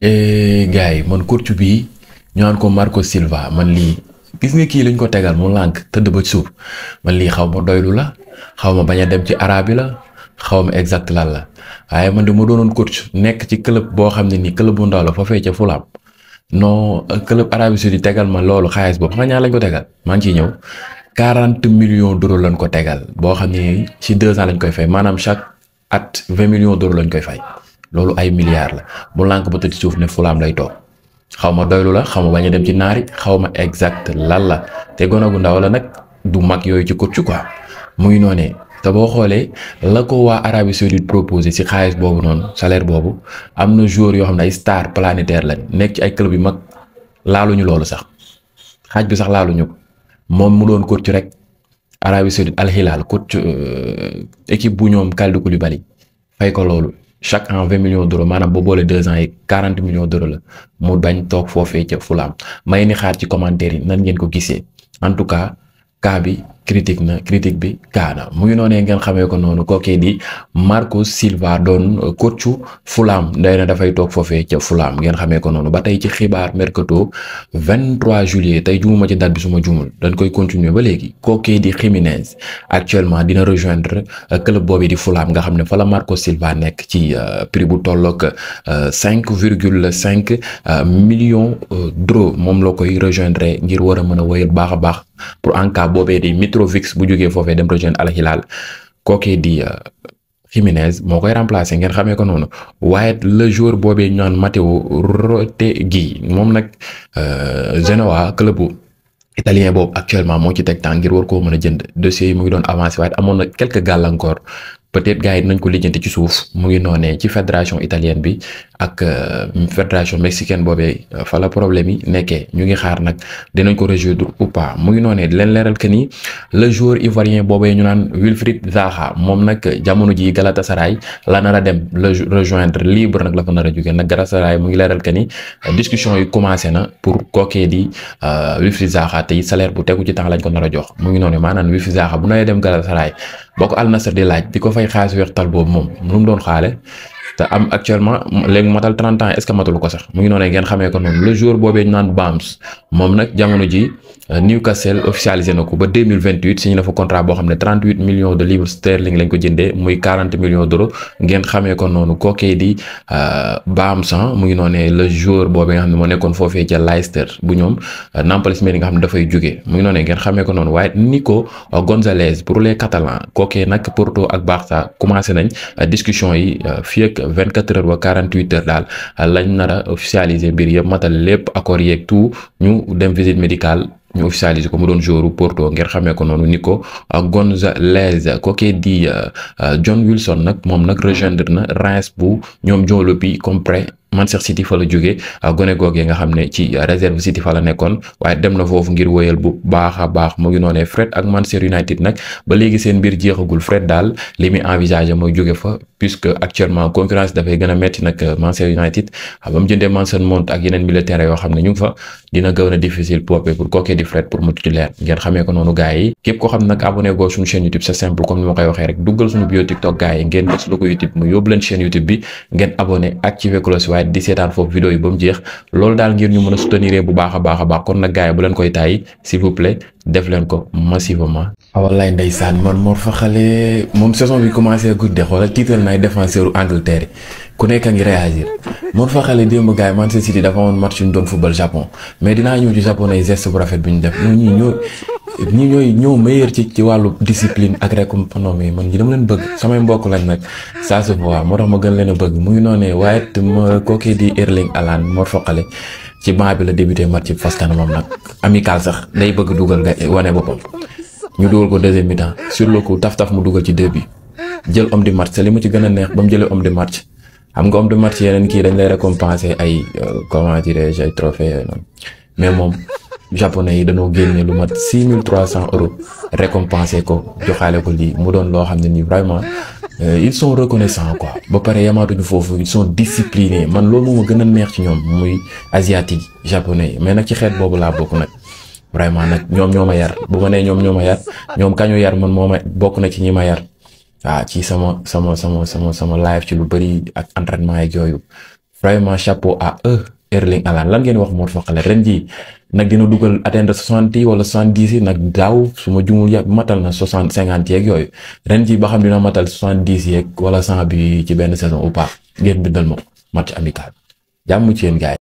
Eh, gars yi man courte bi ñoo naan ko Marco Silva man lii gis nga kii lañ ko tegal mu lànk tëdd ba suuf man lii xaw ma doylu la xaw ma bañ a dem ci arabi la xaw ma exact lan la waaye man de ma doonoon coach nekk ci club boo xam ne nii club bu ndaw la fa fee ca Fulham non club Arabie Saoudite tegal ma loolu xaalis boobu xam ñaar lañ ko tegal maa ngi ciy ñëw quarante millions d'euros lañ ko tegal boo xam ne ci deux ans lañ koy fay maanaam chaque at vingt millions d'euros lañ koy fay. loolu ay milliards la bu lànk ba tëdd suuf ne fulaam lay toog xaw ma doylu la xaw ma bañ a dem ci naari xaw ma exact lan la te gone gu ndaw la nag du mag yooyu ci kurcu quoi mu ngi noonee te boo xoolee la ko waa Arabie Saoudite proposé si xaalis boobu noonu salaire boobu am na jour yoo xam ne ay star planétaire la nekk ci ay club yu mag laaluñu loolu sax xaaj bi sax laaluñu ko moom mu doon coach rek Arabie Saoudite Al Hilal coach euh, équipe bu ñoom Kalidou Koulibaly fay ko loolu chaque en vingt millions doro maanaam boo boole deux ans yi quarante millions d'euros la mu bañ toog foofee ca fulaam may ni xaar ci commentaire yi nan ngeen ko gisee en tout cas cas bi critique na critique bi kaana mu ngi noonee ngeen xamee ko noonu kookee di Marco Silva doon coachu Fulham day na dafay toog foofee ca Fulham ngeen xamee ko noonu ba tey ci xibaar mercato 23 juillet tey jumuma ci date bi suma jumul dañ koy continuer ba léegi kookee di Jiménez actuellement dina rejoindre euh, club boobi di Fulham nga xam ne fa la Marco Silva nekk ci euh, prix bu tolloog 5 euh, virgule 5 millions d'euros moom la koy rejoindre ngir war a mën a wéyal baax baax pour Petrovic bu jógee foofee dem rejoindre Al Hilal kookee di euh, Jiménez moo koy remplacer ngeen xamee ko noonu waaye le jour boobee ñu naan Matteo Retegui moom nag euh, Genoa club italien boobu actuellement moo ci teg temps ngir war koo mën a jënd dossier yi mu ngi doon avancé waaye amoon na quelques gàllankoor peut-être gars yi nañ ko lijjanti ci suuf mu ngi noonee ci fédération italienne bi ak euh, fédération mexicaine boobee euh, fa la problème yi nekkee ñu ngi xaar nag dinañ ko résoudre ou pas mu ngi noonee di leen leeral que ni le jour ivoirien boobee ñu naan Wilfried Zaha moom nag jamono ji Galatasaray la nar a dem le rejoindre libre nag la fa nar a jógee nag Galatasaray mu ngi leeral que ni discussion yi commencé na pour kookee di euh, Wilfried Zaha te salaire bu tegu ci temps lañ ko nar a jox mu ngi noonee maanaam Wilfried Zaha bu naree dem Galatasaray boo ko Al Nassr di laaj di ko fay xaalis weextal boobu moom lu mu doon xaale te am actuellement léegi matal 30 ans est ce que matalu ko sax mu ngi noonee ngeen xamee ko noonu le jour boobee ñu naan Bams moom nag jamono ji euh, Newcastle officialisé na ko ba 2028 signé na fa contrat boo xam ne 38 millions de livres sterling lañ ko jëndee muy 40 millions d'euros ngeen xamee ko noonu kookee di euh, Bams ah, mu ngi noonee le jour boobee nga xam ne moo nekkoon foofee ca Leicester bu ñoom euh, Nampalys nga xam ne dafay jógee mu ngi noonee ngeen xamee ko noonu waaye Nico Gonzalez pour les Catalans kookee nag Porto ak Barça commencé nañ yi vingt quatre heures ba quarante huit heures daal lañ nar a officialiser mbir yëpp matal lépp accord yeeg tout ñu dem visite médical ñu officialisé ko mu doon joueur Porto ngir xamee ko noonu ni ko euh, Gonzalez kookee di euh, euh, John Wilson nag moom nag rejoindre na Reims bu ñoom joolo bi comme Manchester City fa la jógee ah, gone nga xam ne ci ah, nekkoon waaye dem na foofu ngir wëyal bu baax a baax mu ngi noonee Fred ak Manchester United nag ba léegi seen mbir jeexagul Fred daal li muy envisager mooy a metti nag ah, Manchester United ba mu jëndee Mason fa dina gën difficile poopee pour kookee di Fred pour mu titulaire ngeen xamee ko noonu gars yi képp koo xam ne nag abonné goo suñu chaîne YouTube c'est simple comme ni ma koy waxee rek duggal suñu bio TikTok gars yi ngeen bës lu ko YouTube mu yóbbu leen chaîne YouTube bi ngeen abonné waaye di seetaan foofu vidéo yi ba mu jeex loolu daal ngir ñu mën a soutenir bu baax a baax a baax kon nag gars yi bu leen koy taay s'il vous plaît def leen ko massivement. Ah, wallaay ndeysaan man Mor Faxale moom saison bi commencé guddee xoolal tiital naay défenseur u Angleterre ku nekk ngi réagir moom fa xale démb gars yi Manchester City dafa amoon match yu ñu doon football Japon mais dinaa ñëw ci Japon ay geste bu rafet bu ñu def ñooñu ñëw ñi ñooy ci ci wàllu discipline ak récompense mais man ñi dama leen bëgg samay mbokk lañ nag ça se voit moo tax ma gën leen a bëgg mu ngi noonee waaye it ma kookee di Erling Haaland moo foqale ci banc bi la débuté match ci fas kanamam nag amical sax day bëgg dugal nga wane boppam ñu dugal ko deuxième mi-temps sur le coup taf taf mu dugal ci deux bi jël homme de li ma ci gën a neex ba mu jëlee homme de xam nga homme de match yeneen kii dañ lay récompenser ay euh, comment dirais-je ay trophées yooyu mais moom japonais yi dañoo génne lu mat six mille trois cent euros récompenser ko joxaale ko lii mu doon loo xam ne nii vraiment euh, ils sont reconnaissants quoi ba pare yamaatuñu foofu ils sont disciplinés man loolu moo ma gën a neex ci ñoom muy asiatique japonais yi mais nak ci xeet boobu laa bokk nag. vraiment nag ñoom ñoo ma yar bu ma nee ñoom ñoo ma yar ñoom kañu yar man moo ma bokk na ci ñi ma waaw ci sama sama sama sama sama live ci lu bëri ak entraînement yeeg yooyu vraiment chapeau à eux Erling Haaland lan ngeen wax moo Fokala ren jii nag dina dugal atteindre soixante yi wala soixante dix yi nag daaw su ma jumul yàgg matal na soixante cinquante yeeg yooyu ren jii ba xam dina matal soixante dix yeeg wala cent bi ci benn saison ou pas ngeen bindal ma match amical jàmm ci yéen gars